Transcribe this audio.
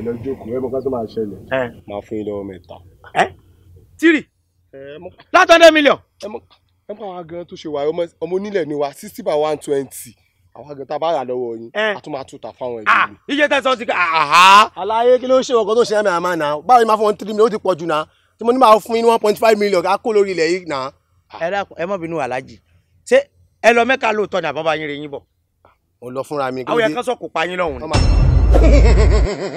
ẹ̀nà jókòó ẹ̀ mọ ká tó máa ṣẹlẹ̀. ẹ máa fún yín lọ́wọ́ mẹ́ta. ẹ tírì látọ̀dẹ̀ mílíọ̀n. ẹ mọ àwọn agan tó ṣe wà ọmọ onílẹ̀ ni wa sixty by one twenty àwọn agan tá a bá rà lọ́wọ́ yín a tún máa tún ta fáwọn ah, ẹ̀jẹ̀ mi. iye tẹ̀sán ti ká. àlàyé kí ló ṣe ọkọ tó ṣe ẹ̀mí àmà náà báwo ni máa fún wọn three million ó ti pọ̀ jù náà tí mo ní máa fún yín one point five million ká kó lórí ilẹ̀ yìí náà. ẹ dákun bínú aláàjì ṣé ẹ lọ mẹ́ka lóòótọ́ ni àbábá yín rè yín bọ̀. mo lọ fúnra mi. àwọn yẹn kan sọ kò pa yín lọ́hùn-ún.